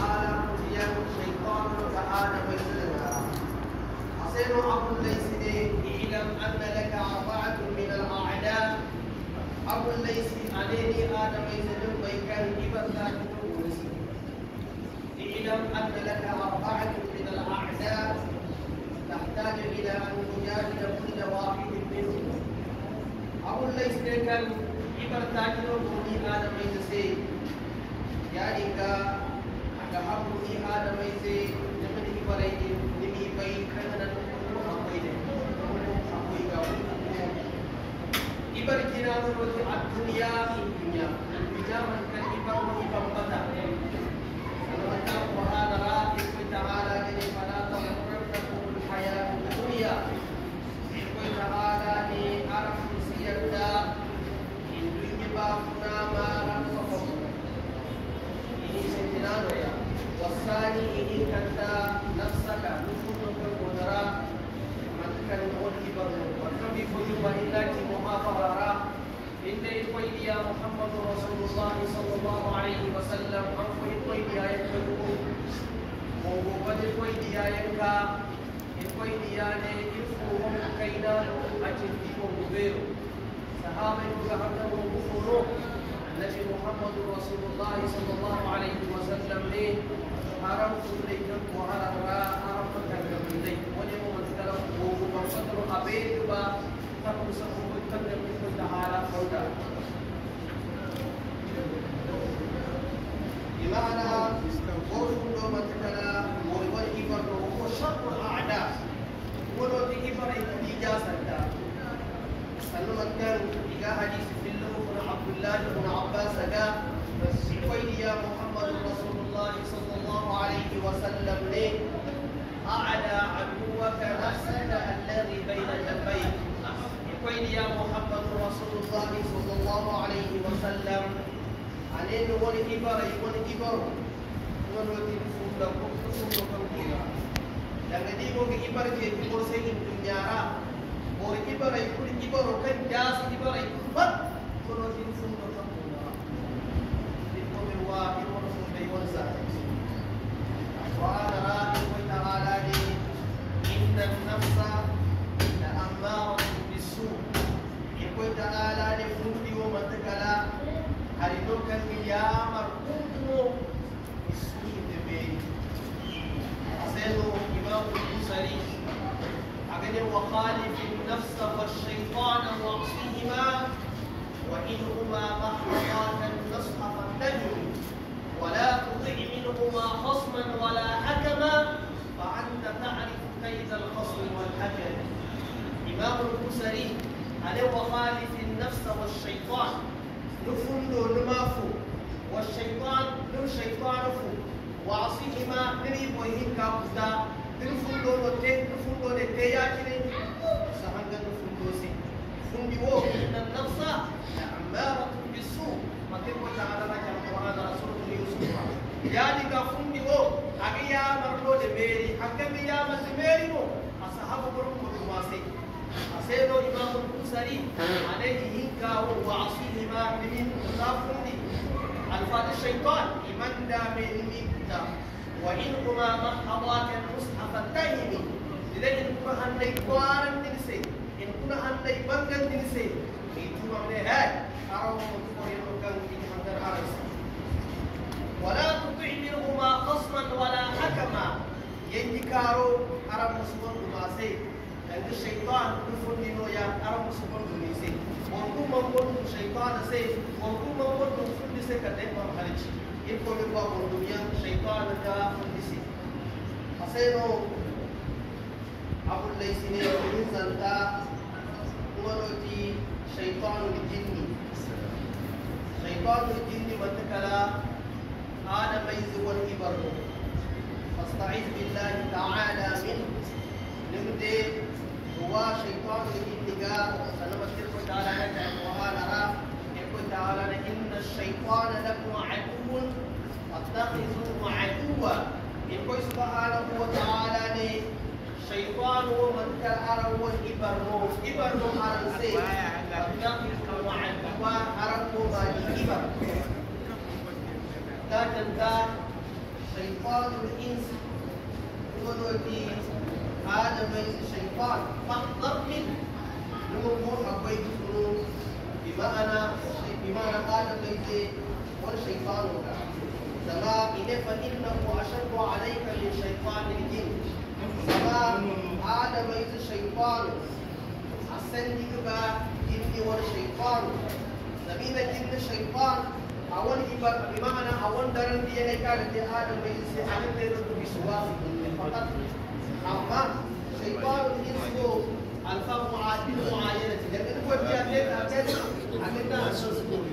تعالى قضي الشيطان تعالى وسلم حسين أبو الليث اعلم أن لك أربعة من الأعداء أبو الليث عليه آدم يسلم ويكان إبن ذاك اعلم أن لك أربعة من الأعداء تحتاج إلى أن تجاهد كل واحد منهم أبو الليث كان إبن ذاك آدم يسلم يعني كحبة آدم لمنه بريد لمي بين كذا إبر كنا نروي الدنيا في الدنيا وزبير صحابة يعتبر كفر النبي محمد رسول الله صلى الله عليه وسلم ليه عرفت إليكم وعرف عرفت إليكم ولم اختلفوا وبصدر أبيت وتقل سقوط التبلغ كل تعالى قولا بمعنى قول دومة عبد بن عباس قال فاشفيني يا محمد رسول الله صلى الله عليه وسلم ليه أعلى عدوك نفسك الذي بين جنبيك اشفيني يا محمد رسول الله صلى الله عليه وسلم عليه يقول إبر يقول إبر يقول وتي بسم الله بسم الله daga ni mo ngi ibar ke ko sey dum nyaara mo ibara ko ibaro kan jaas ibara كلوجين ثم تقوى لقوم واحد ورسول والزائد وقال رابع تعالى إن النفس لأمارة بالسوء يقول تعالى لفندي ومتكلا هل نوكا ميامر كله بالسوء دبي سيدو إمام البصري أقول وخالف النفس والشيطان وعصيهما وإنهما محرقات النصح فابتدوا ولا تطع منهما خصما ولا حكما فأنت تعرف كيد الخصم والحكم إمام البصري عليه وخالف النفس والشيطان نفندو نمافو والشيطان نم فو وعصيهما نريبوهين كابوزا نفندو نتي نفندو نتي ياكلين عليه كاو وعصيهما من تكافل ألفاظ الشيطان لمن دا من ميتا وإنهما محضات المصحف التهم إذا إن كنا أن يقارن من سي إن كنا أن يبنغن من سي ميتو من هاي أروا مطمئن يبنغن في حضر أرس ولا تطع منهما خصما ولا حكما ينكارو أرى مصبر ما yanzu shaitan nufin dino ya arabu su kwanzu ne sai wankun wankun shaitana sai wankun wankun nufin da sai ka dai ban halci in ko ba wankun yan shaitana da fundi sai a sai no abun laisi ne wurin zanta kuma noti shaitanu jinni shaitanu jinni matakala هذا ميز والإبر فاستعذ بالله تعالى منه نمدي وشيطان الاتجاه سلم الشرك تعالى عنها وقال لها يقول تعالى ان الشيطان لكم عدو فاتخذوه عدوا يقول سبحانه وتعالى لي شيطان ومن كان وإبرهم إبرهم أرنسي فاتخذوه عدوا أرنكم الإبر ذات ذات شيطان الإنس هو هذا من الشيطان فاحذر منه نور مو حبيت الخروج بمعنى بمعنى هذا البيت والشيطان سما إن فانه اشد عليك من شيطان الجن هذا بيت الشيطان حسن لك بقى جني والشيطان سبيل جن الشيطان أول بمعنى أول درن دي أي كان دي آدم بيت سي أهل بيت بسواسي فقط حرام شيطان يعني اسمه الفاظ معاينه لكن هو فيها كيف حتى